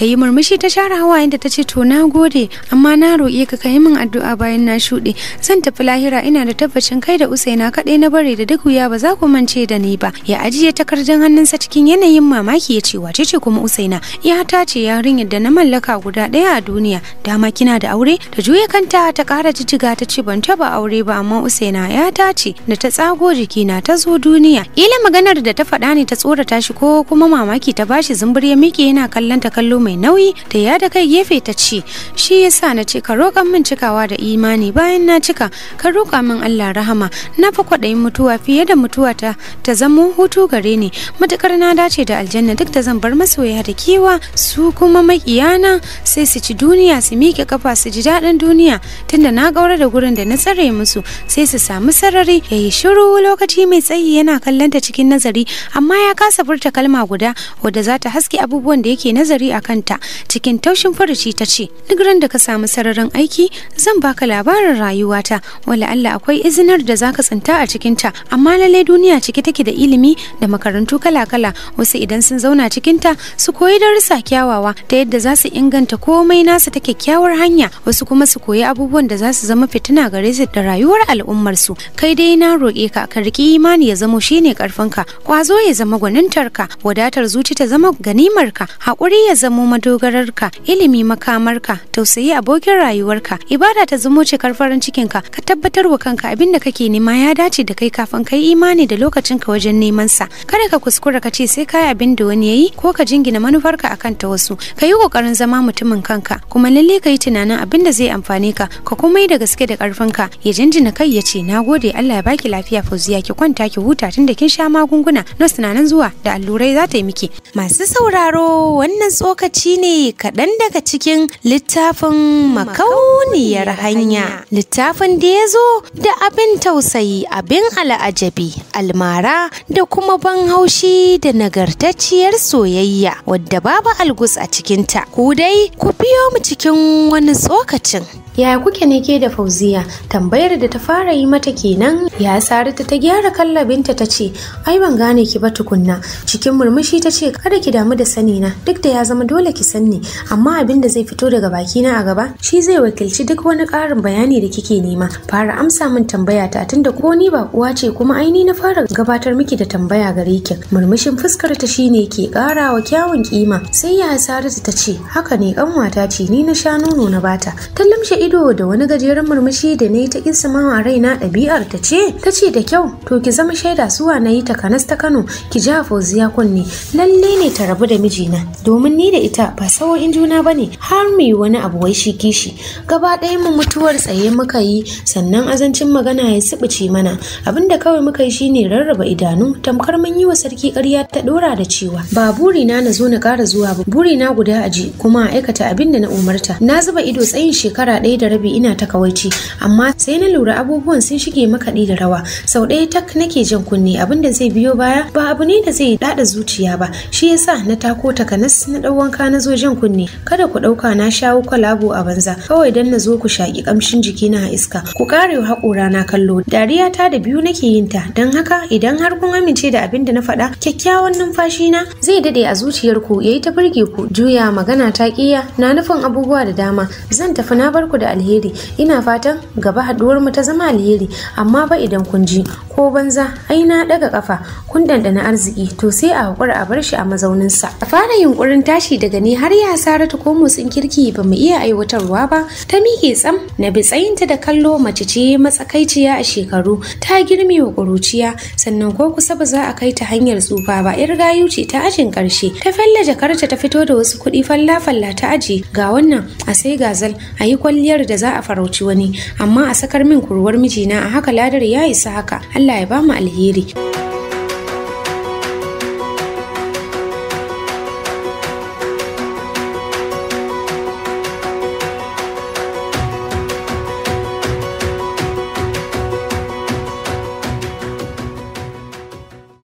ta yi murmushi ta share hawayen da ta ce to na gode amma na roƙe ka kai min addu'a bayan na shuɗe zan tafi lahira ina da tabbacin kai da usaina kaɗai na bare da duk wuya ba za ku mance da ni ba ya ajiye takardun hannunsa cikin yanayin mamaki ya ce wace ce kuma usaina ya ta ce yarinyar da na mallaka guda ɗaya a duniya dama kina da aure ta juya kanta ta ƙara jijjiga ta ce ban taɓa aure ba amma usaina ya ta ce da ta tsago jikina ta zo duniya ila maganar da ta faɗa ne ta tsorata shi ko kuma mamaki ta bashi zumbur ya miƙe yana kallon ta kallo mai mai nauyi da ya da kai gefe ta ci shi yasa na ce ka roƙa min cikawa da imani bayan na cika ka roƙa min Allah rahama na fa kwaɗayin mutuwa fiye da mutuwa ta ta zamo hutu gare ni matukar na dace da aljanna duk da zan bar masoya da kiwa su kuma makiyana sai su ci duniya su miƙe kafa su ji daɗin duniya tunda na gaura da gurin da na tsare musu sai su samu sarari ya yi shiru lokaci mai tsayi yana kallon ta cikin nazari amma ya kasa furta kalma guda wadda za ta haske abubuwan da yake nazari akan kanta cikin taushin farashi ta ce duk ran da ka samu sararin aiki zan baka labarin rayuwata wala Allah akwai izinar da zaka tsinta a cikinta amma lallai duniya cike take da ilimi da makarantu kala-kala wasu idan sun zauna cikinta su koyi darussa kyawawa ta yadda za su inganta komai nasu ta kyakkyawar hanya wasu kuma su koyi abubuwan da za su zama fitina gare su da rayuwar al'ummarsu kai dai na roƙe ka ka riƙi imani ya zamo shine karfinka kwazo ya zama gwanintarka wadatar zuci ta zama ganimarka haƙuri ya zama madogararka ilimi makamarka tausayi abokin rayuwarka ibada ta zamo cikar farin cikinka ka tabbatar wa kanka abin da kake nema ya dace da kai kafin kai imani da lokacinka wajen neman sa kada ka kuskura ka ce sai kai abin da wani yayi ko ka jingina manufarka akan ta wasu ka yi kokarin zama mutumin kanka kuma lalle ka yi tunanin abin da zai amfane ka ka kuma yi da gaske da karfinka ya jinjina kai ya ce nagode Allah ya baki lafiya fuziya ki kwanta ki huta tun da kin sha magunguna na tunanin zuwa da allurai za ta yi miki masu sauraro wannan tsokaci lokaci ne kaɗan daga cikin littafin makauniyar hanya. Littafin da ya zo da abin tausayi abin al'ajabi, almara da kuma ban haushi da nagartacciyar soyayya wadda babu algus a cikinta. Ku dai ku biyo mu cikin wani tsokacin. ya kuke ne ke da fauziya? Tambayar da ta fara yi mata kenan ya sarita ta gyara kallabinta ta ce, ai ban gane ki ba tukunna. Cikin murmushi ta ce, kada ki damu da sani na duk da ya zama dole dole ki sanni amma abin da zai fito daga bakina a gaba shi zai wakilci duk wani ƙarin bayani da kike nema fara amsa min tambaya ta tunda ko ni ba kuwa ce kuma aini na fara gabatar miki da tambaya gare ki murmushin fuskar ta shine ke ƙara wa kyawun kima sai ya Saratu ta ce haka ne ƙanwata ce ni na sha nono na bata ta lamshe ido da wani gajeren murmushi da ne ta kisama a raina ɗabi'ar ta ce ta ce da kyau to ki zama shaida suwa na yi ta kanas ta Kano ki ja fauziya kunne lalle ne ta rabu da mijina domin ni da ita ba sawo'in juna ba ne har mu yi wani abu wai shi kishi gaba ɗaya mu mutuwar tsaye muka yi sannan azancin magana ya sibici mana abinda kawai muka yi shine rarraba idanu tamkar mun yi wa sarki ƙarya ta dora da cewa ba buri na na zo na ƙara zuwa ba buri na guda aji kuma aikata abin da na umarta na zuba ido tsayin shekara ɗaya da rabi ina ta kawaici amma sai na lura abubuwan sun shige makaɗi da rawa sau ɗaya tak nake jan kunne abin da zai biyo baya ba abu ne da zai daɗa zuciya ba shi yasa na tako takanas na ɗauwan ka na zo jan kunne kada ku ɗauka na shawo kwalabo a banza kawai dan na zo ku shaƙi ƙamshin jikina a iska ku ƙare haƙora na kallo dariya ta da biyu nake yin ta don haka idan har kun amince da abin da na faɗa kyakkyawan numfashi na zai dade a zuciyar ku yayi ta burge ku juya magana ta ƙiya na nufin abubuwa da dama zan tafi na barku da alheri ina fatan gaba haɗuwar mu ta zama alheri amma ba idan kun ji ko banza ai na daga kafa kun dandana arziki to sai a haƙura a bar shi a mazauninsa a fara yunƙurin tashi daga gani har ya saratu ko motsin kirki ba mu iya aiwatarwa ba ta miƙe tsam na bi tsayinta da kallo mace ce matsakaiciya a shekaru ta girme wa ƙuruciya sannan ko kusa ba za a kai ta hanyar tsufa ba yar gayu ce ta ajin ƙarshe ta falla jakarta ta fito da wasu kuɗi falla falla ta aji ga wannan a sai gazal a yi kwalliyar da za a farauci wani amma a sakar min kurwar mijina a haka ladar ya isa haka Allah ya ba mu alheri.